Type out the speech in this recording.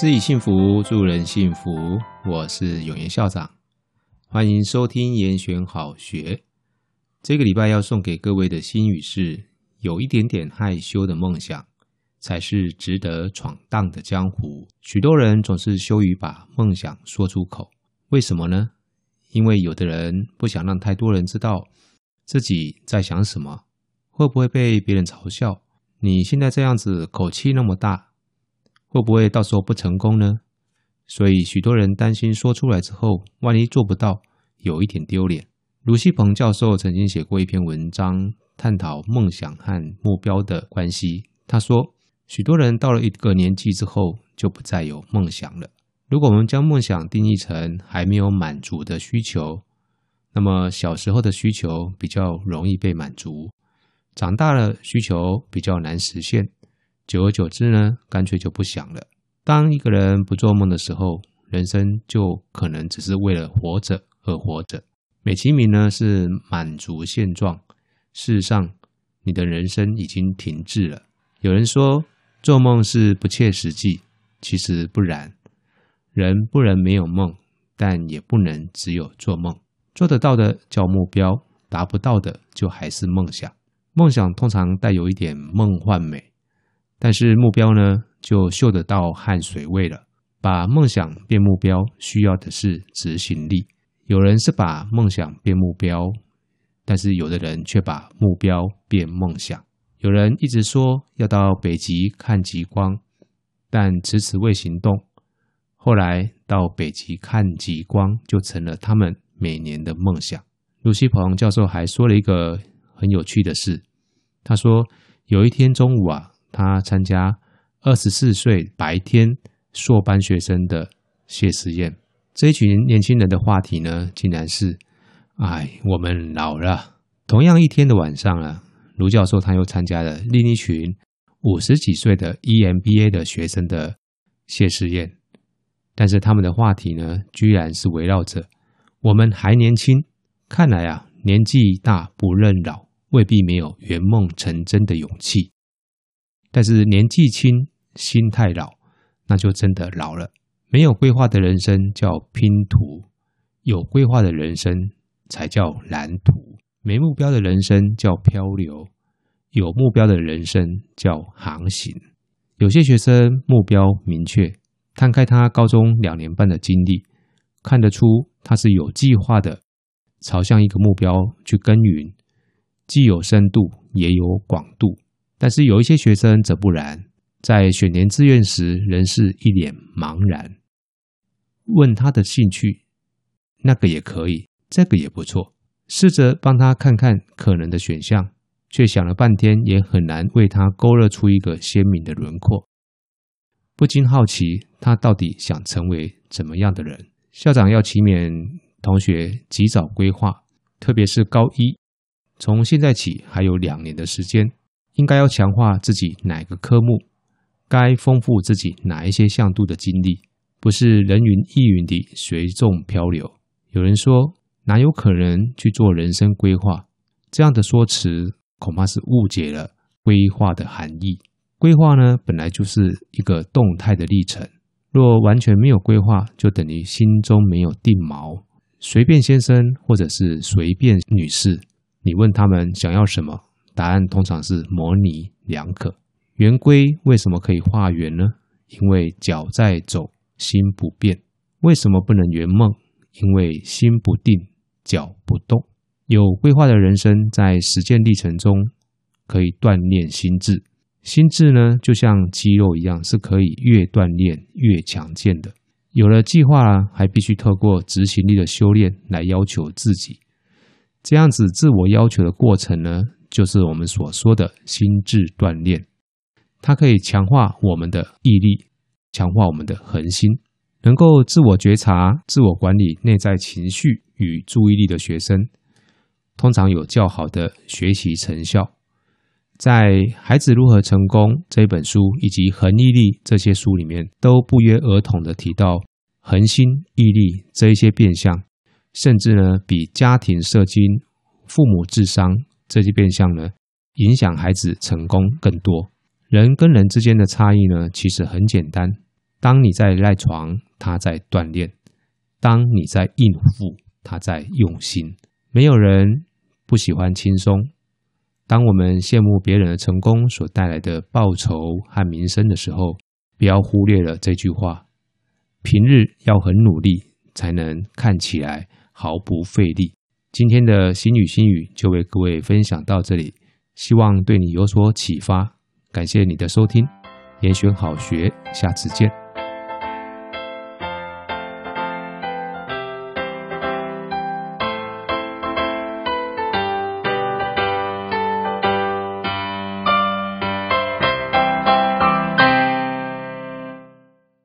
自己幸福，助人幸福。我是永言校長，歡迎收聽嚴選好學。這個禮拜要送給各位的心語是：有一點點害羞的夢想，才是值得闖蕩的江湖。許多人總是羞於把夢想說出口，為什麼呢？因為有的人不想讓太多人知道自己在想什麼，會不會被別人嘲笑？你現在這樣子，口氣那麼大。會不會到時候不成功呢？所以許多人擔心說出來之後，萬一做不到，有一點丟臉。盧希鵬教授曾經寫過一篇文章，探討夢想和目標的關係。他說，許多人到了一個年紀之後，就不再有夢想了。如果我們將夢想定義成還沒有滿足的需求，那麼小時候的需求比較容易被滿足，長大了需求比較難實現。久而久之呢，乾脆就不想了。當一個人不做夢的時候，人生就可能只是為了活着而活着，美其名呢是滿足現狀。事實上，你的人生已經停滯了。有人說做夢是不切實際，其實不然。人不能沒有夢，但也不能只有做夢。做得到的叫目標，達不到的就還是夢想。夢想通常帶有一點夢幻美。但是目標呢，就嗅得到汗水味了。把夢想變目標，需要的是執行力。有人是把夢想變目標，但是有的人卻把目標變夢想。有人一直說要到北極看極光，但遲遲未行動。後來到北極看極光就成了他們每年的夢想。盧西鵬教授還說了一個很有趣的事，他說有一天中午啊。他參加二十四歲白天碩班學生的謝師宴，這一群年輕人的話題呢，竟然是“哎，我們老了。”同樣一天的晚上啊，盧教授他又參加了另一群五十幾歲的 EMBA 的學生的謝師宴，但是他們的話題呢，居然是圍繞着“我們還年輕。”看來啊，年紀大不認老，未必沒有圓夢成真的勇氣。但是年紀輕，心態老，那就真的老了。沒有規劃的人生叫拼圖，有規劃的人生才叫藍圖。沒目標的人生叫漂流，有目標的人生叫航行。有些學生目標明確，攤開他高中兩年半的經歷，看得出他是有計劃的，朝向一個目標去耕耘，既有深度也有廣度。但是有一些學生則不然，在選填志願時仍是一臉茫然。問他的興趣，那個也可以，這個也不錯。試着幫他看看可能的選項，卻想了半天也很難為他勾勒出一個鮮明的輪廓。不禁好奇，他到底想成為怎麼樣的人？校長要期勉同學及早規劃，特別是高一，從現在起還有兩年的時間。應該要強化自己哪個科目，該豐富自己哪一些向度的經歷，不是人云亦云的隨眾漂流。有人說，哪有可能去做人生規劃？這樣的說辭恐怕是誤解了規劃的含義。規劃呢，本來就是一個動態的歷程。若完全沒有規劃，就等於心中沒有定錨，隨便先生或者是隨便女士，你問他們想要什麼？答案通常是模稜兩可。圓規為什麼可以畫圓呢？因為腳在走，心不變。為什麼不能圓夢？因為心不定，腳不動。有規劃的人生，在實踐歷程中可以鍛鍊心智。心智呢，就像肌肉一樣，是可以越鍛鍊越強健的。有了計劃啊，還必須透過執行力的修煉來要求自己。這樣子自我要求的過程呢，就是我們所說的心智鍛鍊，它可以強化我們的毅力，強化我們的恆心。能夠自我覺察、自我管理內在情緒與注意力的學生，通常有較好的學習成效。在《孩子如何成功》這本書以及《恆毅力》這些書裡面，都不約而同地提到恆心、毅力這一些變相，甚至呢，比家庭社經、父母智商。這就變相了，影響孩子成功更多。人跟人之間的差異呢，其實很簡單。當你在賴床，他在鍛鍊；當你在應付，他在用心。沒有人不喜歡輕鬆。當我們羨慕別人的成功所帶來的報酬和名聲的時候，不要忽略了這句話：平日要很努力，才能看起來毫不費力。今天的心語興語就為各位分享到這裡，希望對你有所啟發。感謝你的收聽，嚴選好學，下次見。